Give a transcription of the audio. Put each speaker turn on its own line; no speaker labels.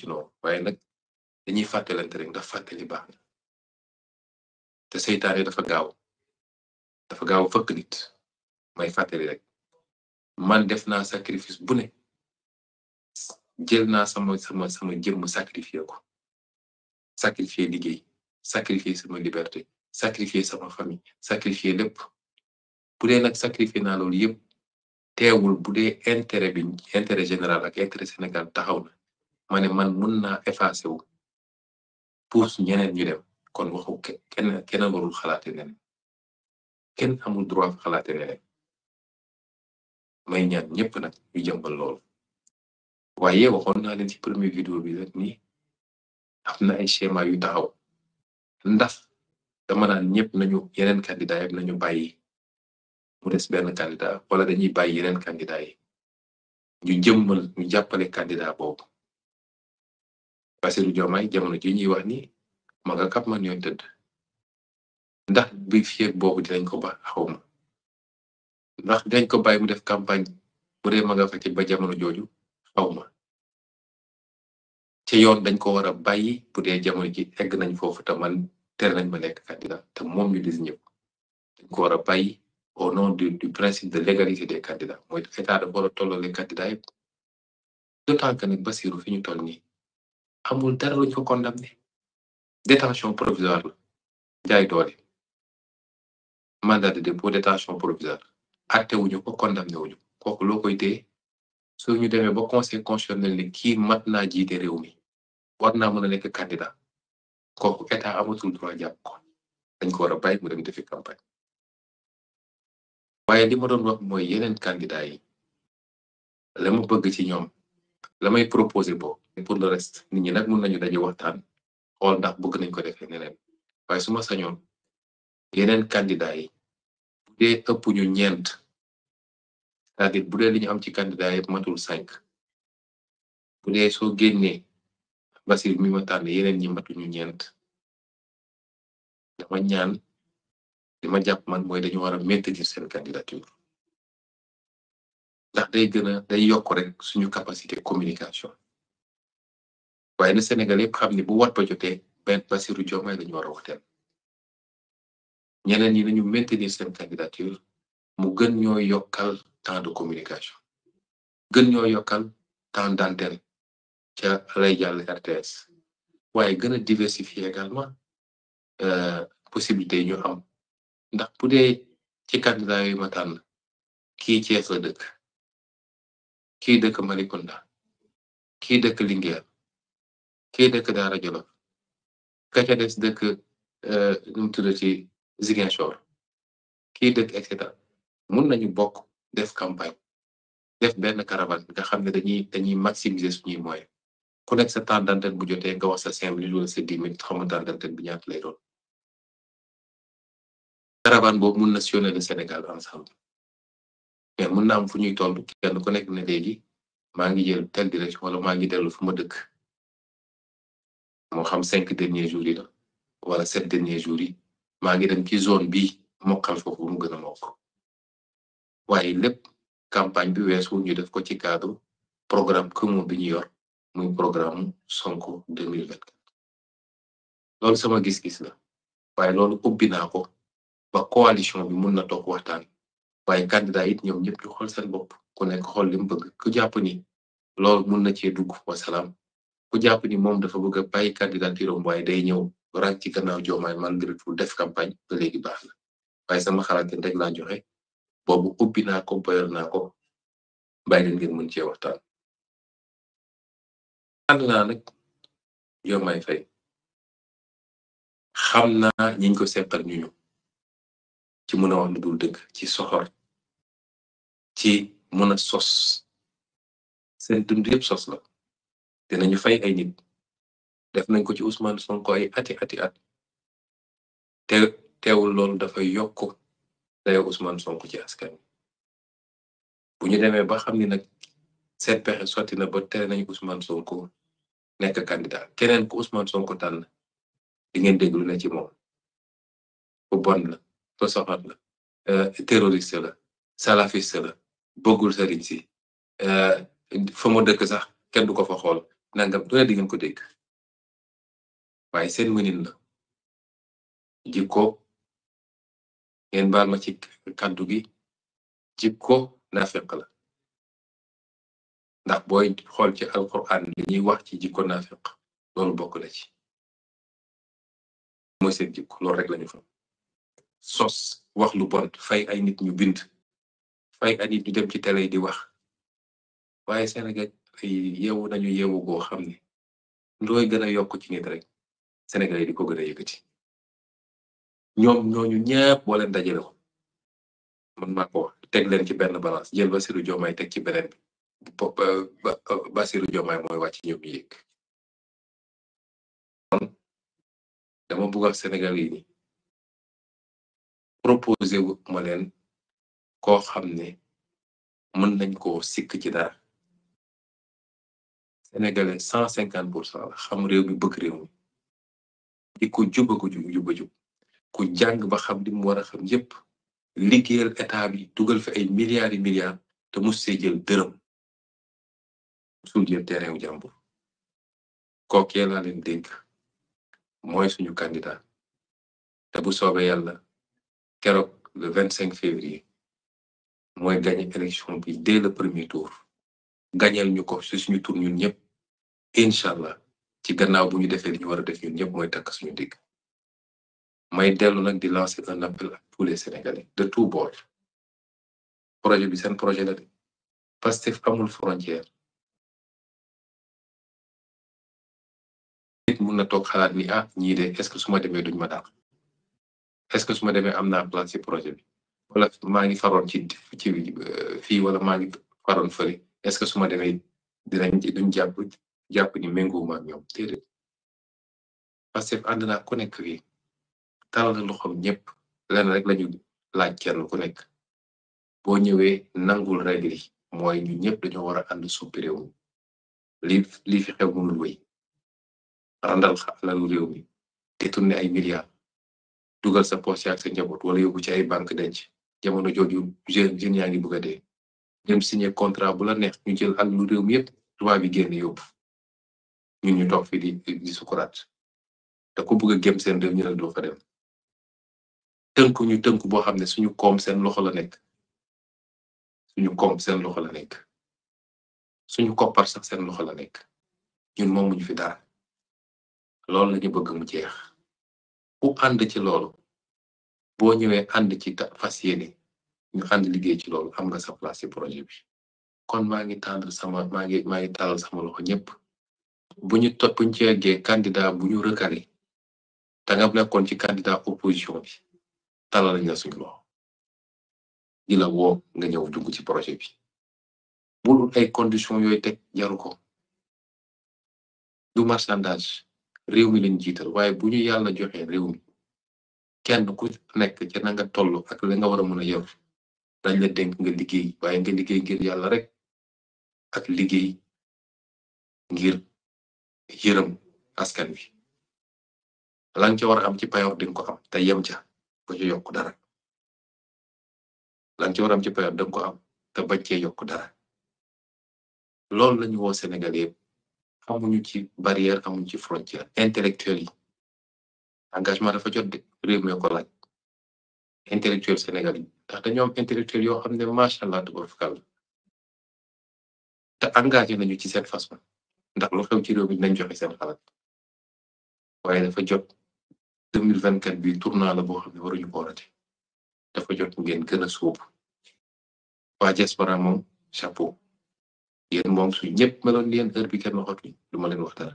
ci continuer waaye nag dañuy fàttalante rek ndax fàttali baax na
te seytaan yi dafa gaaw dafa gaaw fëkk nit may fàttali rek man def naa sacrifice bu ne jël naa sama sama sama jëmm sacrifier ko sacrifier liggéey sacrifier sama liberté sacrifier sama famille sacrifier lépp bu dee nag sacrifier naa loolu yëpp teewul bu dee intérêt bi intérêt général ak intérêt Sénégal taxaw na ma ne man mun naa effacé wu puus ñeneen ñu dem kon waxu kenn kenn warul xalaate neneen kenn amul droit xalaate neneen may ñaan ñëpp nag ñu jëmbal lool waaye waxoon naa leen ci premier vidéo bi rek ni am na ay schéma yu taxaw ndax dama naan ñëpp nañu yeneen candidat yëpp nañu bàyyi mu des benn candidat wala dañuy bàyyi yeneen candidat ñu jëmmal ñu jàppale candidat boobu Bassirou Diomaye jamono ji ñuy wax ni ma nga kap man yooyu tëdd ndax bi fii ak boobu dinañ ko ba ma ndax dinañ ko bàyyi mu def campagne bu dee ma fa ci ba jamono jooju xaw ma ci yoon dañ ko war a bàyyi bu dee jamono ji egg nañ foofu te man tere nañ ma nekk candidat te moom ñu dis ñëpp dañ ko war a bàyyi au nom du du principe de légalité des candidats mooy état dafa war a tolloo les candidats yëpp d'autant fi ñu toll nii amul dara luñ ko condamné détention provisoire la jaay doole mandat de dépôt détention provisoire acté wuñu ko condamné wuñu kooku loo koy téye soo ñu demee ba conseil constitutionnel ne kii mat naa jiite réew mi war naa mën a nekk candidat kooku état amatul droit jàpp ko dañ ko war a bàyyi mu dem defi campagne waaye li ma doon wax mooy yeneen candidat la ma bëgg ci ñoom la may proposé boobu pour le reste nit ñi nak mën nañu dajé waxtaan xol ndax bëgg nañ ko defee neneen waaye suma ma sañoon yeneen candidat yi bu dee ëpp ñu ñent c'est-à-dire bu dee li ñu am ci candidat yi matul 5 bu dee soo génnee Basir mi ma tànn yeneen ñi ñu ñent dama ñaan li ma jàpp man mooy dañu war a maintenir seen candidature ndax day gën a day yokk rek suñu capacité communication waaye na Sénégal yëpp xam ni bu wat ba jotee benn Bassirou Diomaye lañu war a waxtaan ñeneen ñi nañu maintenir seen candidature mu gën ñoo yokkal temps de communication gën ñoo yokkal temps d'antenne ca lay jàll RTS waaye gën a diversifier également euh, possibilité yi ñu am ndax bu dee ci candidat yooyu ma tànn kii Cees la dëkk kii dëkk Malikounda kii dëkk Linguère ki dëkk Daara Jolof kaca des dëkk euh, nu mu tudd ci Ziguinchor kii dëkk et cetera mun nañu bokk def campagne def benn caravane nga xam ne dañuy dañuy maximiser suñuy moyen ku nekk sa temps d'antenne bu jotee nga wax sa cinq minutes wala sa dix minutes xamul temps bi ñaata lay doon boobu mun na sillonner le Sénégal ensemble mais mën naa am fu ñuy toll kenn ku nekk ne léegi maa ngi jël telle direction wala maa ngi dellu fu ma dëkk moo xam cinq derniers jours wala sept derniers jours maa ngi dem ci zone bi mokkal foofu mu gën a mokk waaye lépp campagne bi weesu ñu def ko ci cadre programme commun bi ñu yor muy programme Sonko deux loolu sama gis-gis la waaye loolu ubbi naa ko ba coalition bi mun na toog waxtaan. waaye candidat it ñoom ñëpp ñu xool seen bopp ku nekk xool li bëgg ku jàpp ni lool mun na cee dugg wasalaam ku jàpp ni moom dafa bëgg a bàyyi candidature am waaye day ñëw ràcc ci gannaaw Diomaye malgré tout def campagne ba baax na waaye sama xalaat rek laa joxe boobu ubbi naa ko naa
ko bàyyi leen mën cee waxtaan. ànd naa nag Diomaye Faye xam naa ñiñ ko seqal ñu ñu ci mën a wax lu dul dëkk ci soxor. ci
mëna sos seen dund yëpp sos la dinañu fay ay nit def nañ ko ci Ousmane Sonko ay ati ati at te teewul loolu dafa yokk Usman Ousmane Sonko ci askan bu ñu demee ba xam ni nag seen pexe sotti na ba tere nañ Ousmane Sonko nekk candidat keneen ko Ousmane Sonko tànn di ngeen déglu ne ci moom bu bon la soxat la euh, terroriste la salafiste la bëggul sëriñ si euh, fa mu dëkk sax kenn du ko fa xool nangam doole di ngeen ko dégg waaye seen mënin la jikko
ngeen baal ma ci kàddu gi jikko naafeq la ndax booy xool ci alquran li ñuy wax ci jikko naafeq loolu bokk na ci mooy seen jikko loolu rek lañu fa
sos wax lu bon fay ay nit ñu bind fay at yu du dem ci télé di wax waaye Sénégal yeewu nañu yeewu goo xam ne looy gën a yokk ci rek senegal yi di ko gën a yëkkati ñoom ñooñu ñëpp boo leen dajale ko man maa teg leen ci benn balance jël Bassirou Diomaye teg ci beneen bi mooy wàcc ñoom yéeg kon dama bëgg wax Sénégal yi ni
ko xamne
mën nañ ko sikk ci dara sénégalais 150% la xam réew bi bëgg réew mi di ko jubba ko jub jubba jub ku jàng ba xam li mu war a xam yépp liggéeyal état bi dugal fi ay milliards yi milliards te mu see jël dërëm sul jël terrain wu jàmbur kookee laa leen dénk mooy suñu candidat te bu soobee yàlla keroog le 25 février moy gagner élection bi dès le premier tour gagnel ñu ko si suñu tour ñun ñep inshallah ci gannaaw bu ñu defee li ñu wara def ñun ñep moy tak suñu dig may déllu nak di lancer un appel à tous les sénégalais de tout bord projet bi sen projet la
de Pastef amul frontière
nit mun na toog xalaat ni ah ñi de est ce que suma démé duñ ma dal est ce que suma démé amna place ci projet bi wala maa ngi faroon ci ci fii wala maa ngi faroon fële est ce que su demee dinañ duñ jàpp jàpp ni méngoowuma ak ñoom déedéet parce que ànd na ku nekk fii talal na loxoom ñëpp lenn rek lañu laaj kenn ku nekk boo ñëwee nangul règle mooy ñu ñëpp dañoo war a ànd suppi li li fi xew mënul wéy randal alalu réew mi détourné ay milliards dugal sa poche ak sa njaboot wala yóbbu ci ay banque denc jamono jooju jeune jeune yaa ngi bëgg a dee dem signé contrat bu la neex ñu jël àll lu réew yëpp tubaab yi génn yóbbu ñun ñu toog fii di di te ku bëgg a gém seen réew ñu ne doo fa dem tënk ñu tënk boo xam ne suñu koom seen loxo la nekk suñu koom seen loxo la nekk suñu koppar sax seen loxo la nekk ñun moom ñu fi dara loolu lañu bëgg mu jeex ku ànd ci lool bo ñëwee and ci fas ni ñu and liggéey ci lool am nga sa place ci projet bi kon ma ngi tendre sama ma ngi ma ngi tal sama loxo ñëpp bu ñu topp buñ ci eggee candidat bu ñu da nga nekkoon ci candidat opposition bi talal nañ suñu loxo di wo nga ñëw dugg ci projet bi lu ay condition yoy tek jaru ko du marchandage réew mi lañ jiital waye bu ñu yàlla mi kenn ku nekk ci toll ak la nga war a mën a yor dañ la dénk nga liggéey waaye nga liggéey ngir yàlla rek ak liggéey ngir yërëm askan wi la nga ci war a am ci payoor di nga ko am te yem ca ba ci yokk dara la nga ci war am ci payoor da ko am te bañ cee yokk dara loolu lañu woo Sénégal yëpp amuñu ci barrière amuñu ci frontière intellectuel yi engagement dafa jot de réew mi ko laaj intellectuel Sénégal yi ndax dañoo intellectuel yoo xam ne macha allah du te engagé nañu ci seen façon ndax lu xew ci réew mi dinañ joxe seen xalaat waaye dafa jot deux mille vingt quatre bi tournant la boo xam ne waruñu ko rate dafa jot ngeen gën a sóobu waa diaspora moom chapeau yéen moom su ñëpp meloon ni yéen heure bi kenn waxatuñ du ma leen wax dara